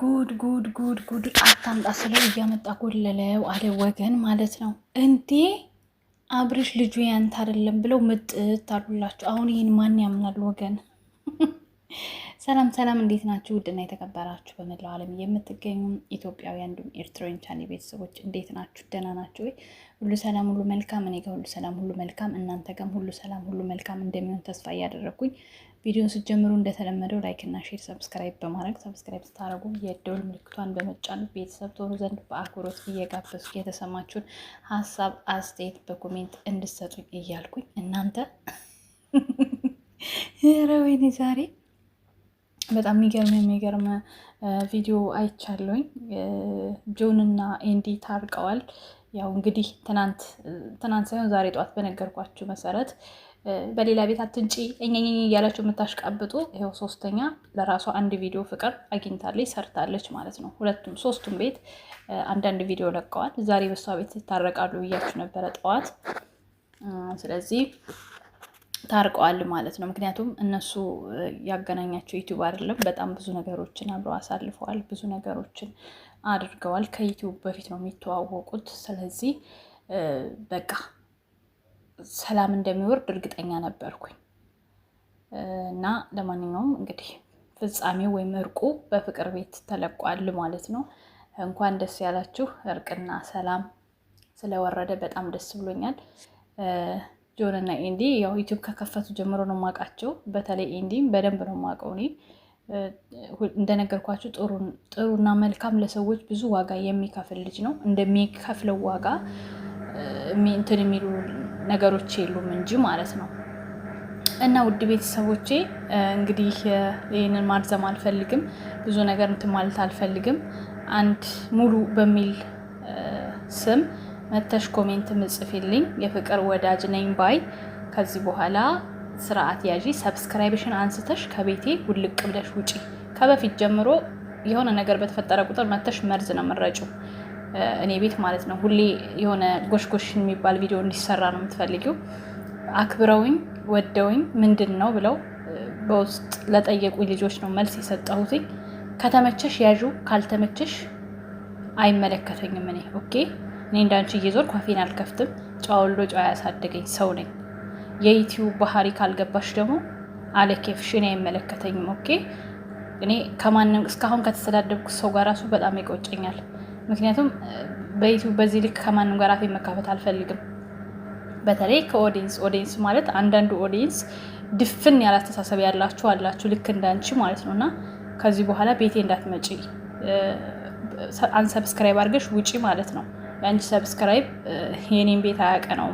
ጉድ ጉድ ጉድ ጉድ ጉድ አታምጣ ስለው እያመጣ ጎለለው አለ ወገን ማለት ነው እንዴ አብርሽ ልጁ ያንተ አይደለም ብለው ምጥት አሉላቸው። አሁን ይህን ማን ያምናል ወገን? ሰላም ሰላም፣ እንዴት ናችሁ? ውድና የተከበራችሁ በመላው ዓለም የምትገኙ ኢትዮጵያውያን እንዲሁም ኤርትራውያን ቻኔል ቤተሰቦች እንዴት ናችሁ? ደህና ናችሁ ወይ? ሁሉ ሰላም፣ ሁሉ መልካም። እኔ ጋር ሁሉ ሰላም፣ ሁሉ መልካም። እናንተ ጋርም ሁሉ ሰላም፣ ሁሉ መልካም እንደሚሆን ተስፋ እያደረግኩኝ ቪዲዮን ስትጀምሩ እንደተለመደው ላይክ እና ሼር፣ ሰብስክራይብ በማድረግ ሰብስክራይብ ስታደርጉ የደውል ምልክቷን በመጫን ቤተሰብ ቶሎ ዘንድ በአክብሮት እየጋበሱ የተሰማችሁን ሀሳብ አስተያየት በኮሜንት እንድሰጡኝ እያልኩኝ እናንተ ረወይኔ ዛሬ በጣም የሚገርም የሚገርም ቪዲዮ አይቻለኝ። ጆንና ኤንዲ ታርቀዋል። ያው እንግዲህ ትናንት ትናንት ሳይሆን ዛሬ ጠዋት በነገርኳችሁ መሰረት በሌላ ቤት አትንጪ እኛኝ እያላችሁ የምታሽቃብጡ ይኸው ሶስተኛ ለራሷ አንድ ቪዲዮ ፍቅር አግኝታለች ሰርታለች ማለት ነው። ሁለቱም ሶስቱም ቤት አንዳንድ ቪዲዮ ለቀዋል። ዛሬ በሷ ቤት ይታረቃሉ ብያችሁ ነበረ ጠዋት። ስለዚህ ታርቀዋል ማለት ነው። ምክንያቱም እነሱ ያገናኛቸው ዩቲዩብ አይደለም። በጣም ብዙ ነገሮችን አብረው አሳልፈዋል። ብዙ ነገሮችን አድርገዋል። ከዩቲዩብ በፊት ነው የሚተዋወቁት። ስለዚህ በቃ ሰላም እንደሚወርድ እርግጠኛ ነበርኩኝ እና ለማንኛውም እንግዲህ ፍጻሜው ወይም እርቁ በፍቅር ቤት ተለቋል ማለት ነው። እንኳን ደስ ያላችሁ። እርቅና ሰላም ስለወረደ በጣም ደስ ብሎኛል። ጆንና ኤንዲ ያው ዩቲዩብ ከከፈቱ ጀምሮ ነው የማውቃቸው። በተለይ ኤንዲም በደንብ ነው የማውቀው። እኔ እንደነገርኳቸው ጥሩና መልካም ለሰዎች ብዙ ዋጋ የሚከፍል ልጅ ነው። እንደሚከፍለው ዋጋ እንትን የሚሉ ነገሮች የሉም እንጂ ማለት ነው። እና ውድ ቤተሰቦቼ እንግዲህ ይህንን ማርዘም አልፈልግም፣ ብዙ ነገር እንትን ማለት አልፈልግም። አንድ ሙሉ በሚል ስም መተሽ ኮሜንት ምጽፊልኝ የፍቅር ወዳጅ ነኝ ባይ። ከዚህ በኋላ ስርዓት ያዢ፣ ሰብስክራይብሽን አንስተሽ ከቤቴ ውልቅ ብለሽ ውጪ። ከበፊት ጀምሮ የሆነ ነገር በተፈጠረ ቁጥር መተሽ መርዝ ነው የምረጩው፣ እኔ ቤት ማለት ነው። ሁሌ የሆነ ጎሽጎሽ የሚባል ቪዲዮ እንዲሰራ ነው የምትፈልጊው። አክብረውኝ ወደውኝ ምንድን ነው ብለው በውስጥ ለጠየቁኝ ልጆች ነው መልስ የሰጠሁትኝ። ከተመቸሽ ያዡ፣ ካልተመቸሽ አይመለከተኝም እኔ ኦኬ እኔ እንዳንቺ እየዞር ኳፌን አልከፍትም። ጨዋ ወልዶ ጨዋ ያሳደገኝ ሰው ነኝ። የዩቲዩብ ባህሪ ካልገባሽ ደግሞ አለኬፍሽ እኔ አይመለከተኝም። ኦኬ እኔ ከማንም እስካሁን ከተሰዳደብኩ ሰው ጋር ራሱ በጣም ይቆጨኛል። ምክንያቱም በዩቲዩብ በዚህ ልክ ከማንም ጋር አፌን መካፈት አልፈልግም። በተለይ ከኦዲየንስ ኦዲየንስ ማለት አንዳንዱ ኦዲየንስ ድፍን ያለ አስተሳሰብ ያላችሁ አላችሁ፣ ልክ እንዳንቺ ማለት ነው። እና ከዚህ በኋላ ቤቴ እንዳትመጪ አንሰብስክራይብ አድርገሽ ውጪ ማለት ነው። በአንቺ ሰብስክራይብ የኔን ቤት አያቀ ነው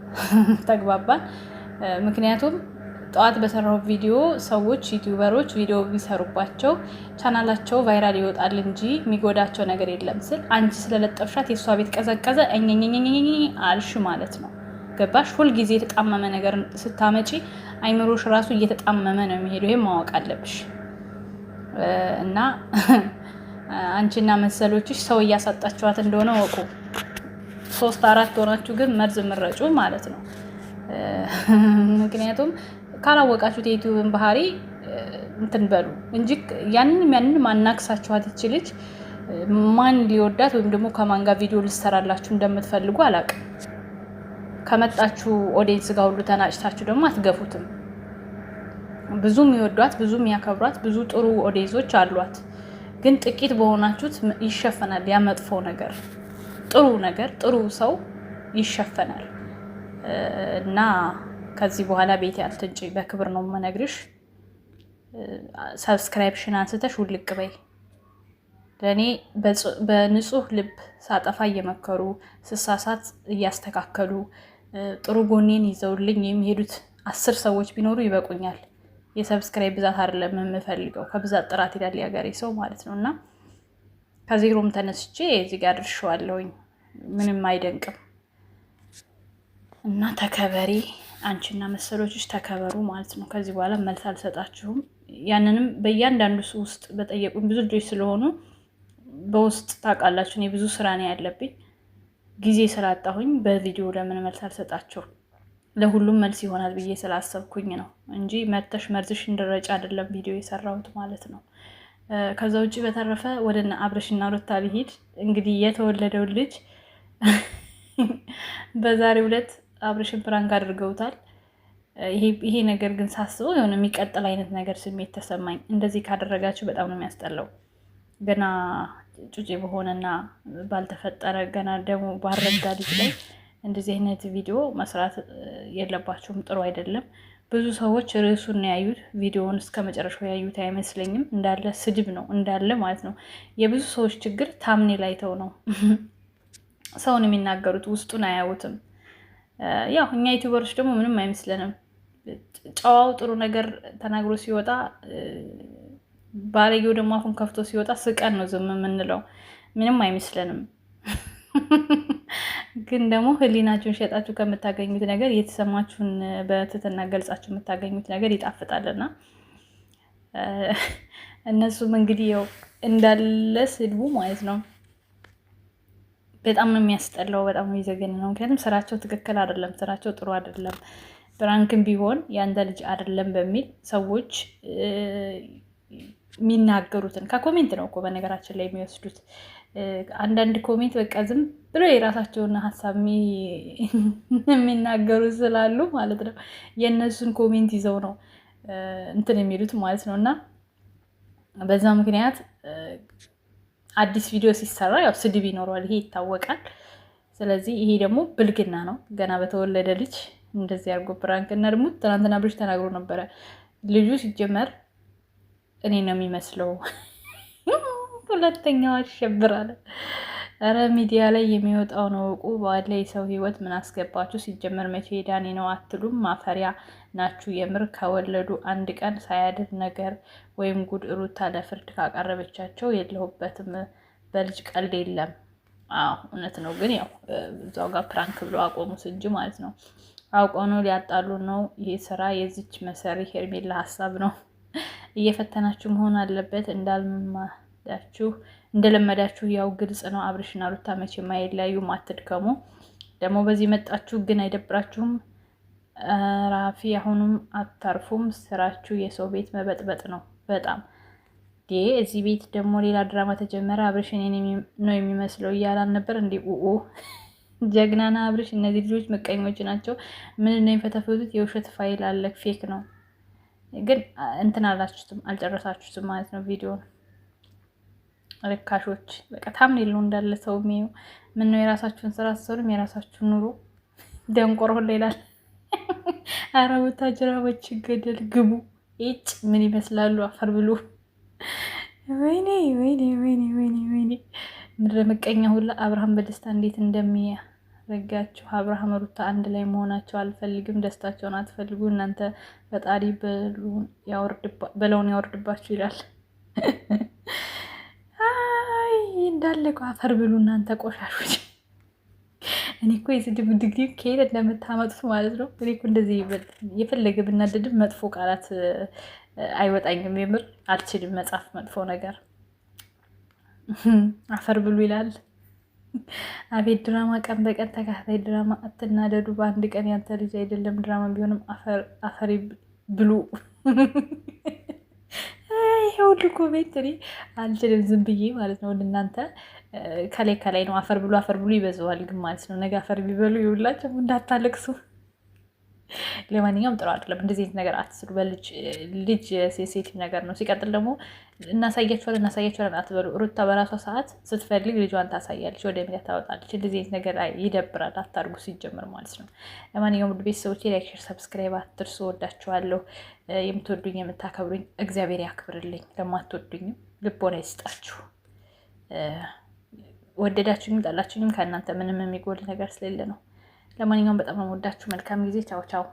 ተግባባን። ምክንያቱም ጠዋት በሰራው ቪዲዮ ሰዎች ዩቲዩበሮች ቪዲዮ ቢሰሩባቸው ቻናላቸው ቫይራል ይወጣል እንጂ የሚጎዳቸው ነገር የለም ስል አንቺ ስለለጠፍሻት የእሷ ቤት ቀዘቀዘ አልሽ ማለት ነው። ገባሽ? ሁልጊዜ የተጣመመ ነገር ስታመጪ አይምሮሽ ራሱ እየተጣመመ ነው የሚሄደው። ይሄ ማወቅ አለብሽ እና አንቺና መሰሎችሽ ሰው እያሳጣችኋት እንደሆነ ወቁ። ሶስት አራት ሆናችሁ ግን መርዝ ምረጩ ማለት ነው። ምክንያቱም ካላወቃችሁት የዩቲዩብን ባህሪ እንትን በሉ እንጂ ያንንም ያንንም አናክሳችኋት ይች ማን ሊወዳት ወይም ደግሞ ከማን ጋር ቪዲዮ ልሰራላችሁ እንደምትፈልጉ አላቅ? ከመጣችሁ ኦዲየንስ ጋር ሁሉ ተናጭታችሁ ደግሞ አትገፉትም። ብዙም ይወዷት፣ ብዙም ያከብሯት፣ ብዙ ጥሩ ኦዲየንሶች አሏት። ግን ጥቂት በሆናችሁት ይሸፈናል። ያ መጥፎ ነገር ጥሩ ነገር ጥሩ ሰው ይሸፈናል። እና ከዚህ በኋላ ቤት ያልትንጭ በክብር ነው መነግርሽ። ሰብስክራይፕሽን አንስተሽ ውልቅ በይ። ለእኔ በንጹህ ልብ ሳጠፋ እየመከሩ ስሳሳት እያስተካከሉ ጥሩ ጎኔን ይዘውልኝ የሚሄዱት አስር ሰዎች ቢኖሩ ይበቁኛል። የሰብስክራይብ ብዛት አይደለም የምፈልገው፣ ከብዛት ጥራት ይላል የሀገሬ ሰው ማለት ነው። እና ከዜሮም ተነስቼ እዚህ ጋር አድርሼዋለሁኝ። ምንም አይደንቅም። እና ተከበሪ አንቺና መሰሎችሽ ተከበሩ ማለት ነው። ከዚህ በኋላ መልስ አልሰጣችሁም። ያንንም በእያንዳንዱ ውስጥ በጠየቁኝ ብዙ ልጆች ስለሆኑ በውስጥ ታውቃላችሁ፣ እኔ ብዙ ስራ ነው ያለብኝ ጊዜ ስላጣሁኝ በቪዲዮ ለምን መልስ አልሰጣችሁም? ለሁሉም መልስ ይሆናል ብዬ ስላሰብኩኝ ነው እንጂ መተሽ መርዝሽ እንድረጭ አይደለም ቪዲዮ የሰራሁት ማለት ነው። ከዛ ውጭ በተረፈ ወደ አብረሽና አብርሽና ሩታ እንግዲህ የተወለደው ልጅ በዛሬው ዕለት አብረሽን ፕራንክ አድርገውታል። ይሄ ነገር ግን ሳስበው የሆነ የሚቀጥል አይነት ነገር ስሜት ተሰማኝ። እንደዚህ ካደረጋችሁ በጣም ነው የሚያስጠላው። ገና ጩጬ በሆነና ባልተፈጠረ ገና ደግሞ ባረጋ ልጅ ላይ እንደዚህ አይነት ቪዲዮ መስራት የለባቸውም፣ ጥሩ አይደለም። ብዙ ሰዎች ርዕሱን ያዩት ቪዲዮውን እስከ መጨረሻው ያዩት አይመስለኝም። እንዳለ ስድብ ነው እንዳለ ማለት ነው። የብዙ ሰዎች ችግር ታምኔ ላይተው ነው ሰውን የሚናገሩት ውስጡን አያዩትም። ያው እኛ ዩቲዩበሮች ደግሞ ምንም አይመስለንም። ጨዋው ጥሩ ነገር ተናግሮ ሲወጣ ባለጌው ደግሞ አፉን ከፍቶ ሲወጣ ስቀን ነው ዝም የምንለው፣ ምንም አይመስለንም። ግን ደግሞ ህሊናችሁን ሸጣችሁ ከምታገኙት ነገር የተሰማችሁን በትትና ገልጻችሁ የምታገኙት ነገር ይጣፍጣልና እነሱም እንግዲህ ያው እንዳለ ስድቡ ማለት ነው። በጣም ነው የሚያስጠላው፣ በጣም ነው የሚዘገን ነው። ምክንያቱም ስራቸው ትክክል አይደለም፣ ስራቸው ጥሩ አይደለም። ብራንክን ቢሆን የአንተ ልጅ አይደለም በሚል ሰዎች የሚናገሩትን ከኮሜንት ነው እኮ በነገራችን ላይ የሚወስዱት አንዳንድ ኮሜንት በቃ ዝም ብሎ የራሳቸውን ሀሳብ የሚናገሩ ስላሉ ማለት ነው የእነሱን ኮሜንት ይዘው ነው እንትን የሚሉት ማለት ነው። እና በዛ ምክንያት አዲስ ቪዲዮ ሲሰራ ያው ስድብ ይኖረዋል፣ ይሄ ይታወቃል። ስለዚህ ይሄ ደግሞ ብልግና ነው። ገና በተወለደ ልጅ እንደዚህ አድርጎ ፕራንክ እና ደግሞ ትናንትና ብርሽ ተናግሮ ነበረ ልጁ ሲጀመር እኔ ነው የሚመስለው ሁለተኛው አሸብራለ። ኧረ ሚዲያ ላይ የሚወጣው ነው እውቁ። ባለ የሰው ህይወት ምን አስገባችሁ? ሲጀመር መቼ ዳኔ ነው አትሉም? ማፈሪያ ናችሁ የምር። ከወለዱ አንድ ቀን ሳያድር ነገር ወይም ጉድ። ሩታ ለፍርድ ካቀረበቻቸው የለሁበትም በልጅ ቀልድ የለም። እውነት ነው። ግን ያው እዛው ጋር ፕራንክ ብሎ አቆሙት እንጂ ማለት ነው። አውቀው ነው ሊያጣሉ ነው። ይህ ስራ የዚች መሰሪ ሄርሜላ ሀሳብ ነው። እየፈተናችሁ መሆን አለበት እንዳልማ ያላችሁ እንደለመዳችሁ ያው ግልጽ ነው። አብርሽና ሩታ መቼ አይለያዩም። ማትድከሙ ደግሞ በዚህ መጣችሁ ግን አይደብራችሁም? ራፊ አሁንም አታርፉም። ስራችሁ የሰው ቤት መበጥበጥ ነው። በጣም ዴ እዚህ ቤት ደግሞ ሌላ ድራማ ተጀመረ። አብርሽ እኔን ነው የሚመስለው እያላን ነበር። እንዲ ኡኡ ጀግናና አብርሽ። እነዚህ ልጆች ምቀኞች ናቸው። ምን ነው የፈተፈቱት? የውሸት ፋይል አለ ፌክ ነው። ግን እንትን አላችሁትም፣ አልጨረሳችሁትም ማለት ነው ቪዲዮን ርካሾች በቃ ታምን የለው እንዳለ ሰው ምን ነው የራሳችሁን ስራ አሰሩም የራሳችሁን ኑሮ ደንቆሮ ሁላ ይላል። አረ ወታጀራዎች ገደል ግቡ። ይጭ ምን ይመስላሉ? አፈር ብሎ ወይኔ ወይኔ ወይኔ ወይኔ ወይኔ ምድረ ምቀኛ ሁላ አብርሃም በደስታ እንዴት ረጋችሁ አብርሃም ሩታ አንድ ላይ መሆናቸው አልፈልግም። ደስታቸውን አትፈልጉ እናንተ ፈጣሪ በለውን ያወርድባችሁ ይላል። እንዳለ አፈር ብሉ እናንተ ቆሻሾች። እኔ እኮ የስድብ ዲግሪ ከሄደ እንደምታመጡት ማለት ነው። እኔ እኮ እንደዚህ የፈለገ ብናደድም መጥፎ ቃላት አይወጣኝም። የምር አልችልም መጻፍ መጥፎ ነገር። አፈር ብሉ ይላል። አቤት ድራማ! ቀን በቀን ተካታይ ድራማ። አትናደዱ። በአንድ ቀን ያንተ ልጅ አይደለም ድራማ ቢሆንም አፈሪ ብሉ ይሄ ሁሉ ኮሜንት እኔ አልችልም፣ ዝም ብዬ ማለት ነው። እናንተ ከላይ ከላይ ነው። አፈር ብሎ አፈር ብሎ ይበዛዋል ግን ማለት ነው። ነገ አፈር ቢበሉ ይውላቸው እንዳታለቅሱ። ለማንኛውም ጥሩ አይደለም። እንደዚህ አይነት ነገር አትስሩ። በልጅ ልጅ ሴንሲቲቭ ነገር ነው። ሲቀጥል ደግሞ እናሳያቸዋለን እናሳያቸዋለን አትበሉ። ሩታ በራሷ ሰዓት ስትፈልግ ልጇን ታሳያለች፣ ወደ ሚዲያ ታወጣለች። እንደዚህ አይነት ነገር ይደብራል። አታርጉ ሲጀምር ማለት ነው። ለማንኛውም ውድ ቤተሰቦቼ ላይክ፣ ሼር፣ ሰብስክራይብ አትርሱ። ወዳችኋለሁ። የምትወዱኝ የምታከብሩኝ እግዚአብሔር ያክብርልኝ። ለማትወዱኝም ልቦና ይስጣችሁ። ወደዳችሁኝም ጠላችሁኝም ከእናንተ ምንም የሚጎል ነገር ስለሌለ ነው። ለማንኛውም በጣም የምወዳችሁ መልካም ጊዜ። ቻው ቻው።